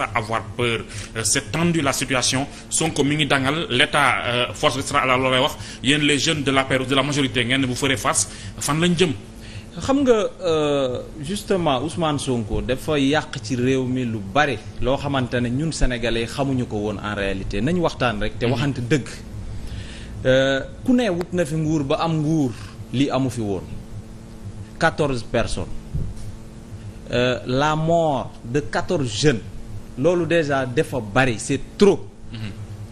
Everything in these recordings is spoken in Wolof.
à avoir peur euh, c'est tendu la situation Sonko mi ngi dangal l'état euh, force restera à la lay wax yéen les jeunes de la paire de la majorité ngeen bu ferez face fan lañ jëm xam nga euh, justement Ousmane Sonko dafa yàq ci réew mi lu bari loo xamante ne ñun sénégalais xamuñu ko woon en réalité nañu waxtaan rek te mhm. waxante dëgg ku ne wut na fi nguur ba am nguur lii amu fi woon quatorze personnes la mort de quatorze jeunes loolu déjà dafa bari c'est trop.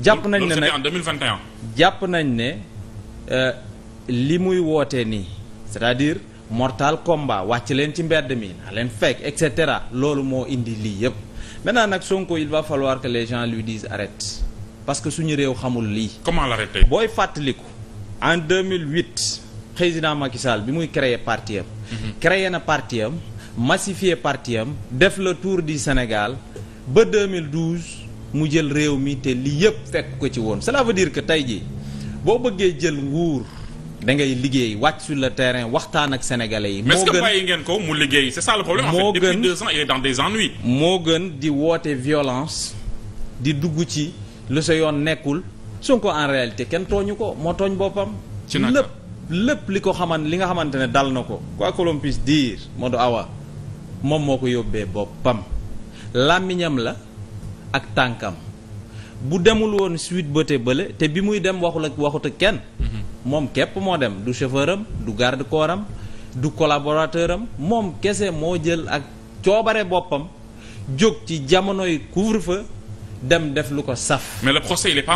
jàpp nañ ne nag en 2021. jàpp nañ ne euh, li muy woote nii c'est-à-dire mortal combat wàcc leen ci mbedd mi naa leen fekk et cetera loolu moo indi lii yëpp maintenant nag Sonko il va falloir que les gens lui parce que suñu réew xamul lii. comment l'arrêter booy fàttaliku en 2008 président Macky Sall bi muy créer parti mhm. créer na parti am massifier parti def le tour di Sénégal. ba 2012 mu jël réew mi te li yëpp fekk ko ci woon cela veut dire que tey jii boo bëggee jël nguur da ngay liggéey wàcc sur le terrain waxtaan ak sénégalais yi. moo gën ngeen ko mu liggéey c'est ça le problème. moo gën en fait depuis deux ans moo gën di woote violence di dugg ci lu sa yoon nekkul Sonko en réalité kenn tooñu ko moo tooñ boppam. ci lépp li ko xaman li nga xamante ne dal na ko. quoi que l'on puisse dire Modou moom moo ko yóbbee boppam. làmmiñam la ak tànkam bu demul woon suite bëte bële te bi muy dem waxul ak waxut ak kenn mhm. moom képp moo dem du chauffeur du garde corps am du collaborateur am moom kese moo jël ak coobare boppam jóg ci jamonoy couvre fa dem def lu ko saf. mais le procès il est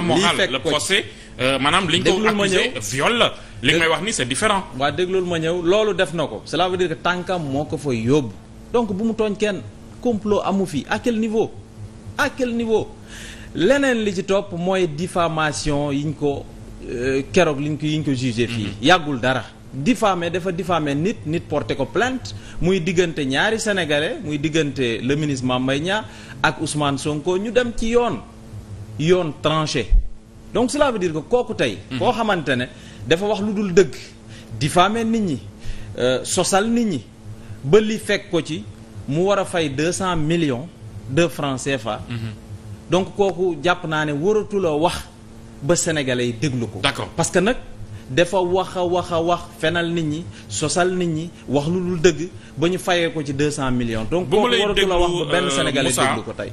euh, li ñu ko accusé viol la li may wax ni c'est différent. waa déglul ma ñëw loolu def na ko cela veut tànkam moo ko fa yóbbu donc bu mu tooñ kenn. complot amu fii à quel niveau à niveau leneen li ci topp mooy diffamation yiñ ko euh, keroog liñ yiñ ko jugé fii mm-hmm. yàggul dara diffamé dafa diffamé nit nit porté ko plainte muy diggante ñaari sénégalais muy diggante le ministre Mame ñaar ak Ousmane Sonko ñu dem ci yoon yoon tranché donc cela veut dire que kooku tey mm-hmm. koo xamante ne dafa wax lu dul dëgg diffamé nit ñi euh, sosal nit ñi ba fekk ko ci mu war a fay deux cent millions de francs CFA. Mhm. donc kooku jàpp naa ne waratuloo wax ba sénégalais yi déglu ko. d'accord parce que nag dafa wax a wax a wax fenal nit ñi sosal nit ñi wax lu dul dëgg ba ñu fayee ko ci deux cent millions. donc kooku waratuloo wax ba benn euh, sénégalais déglu ko tey.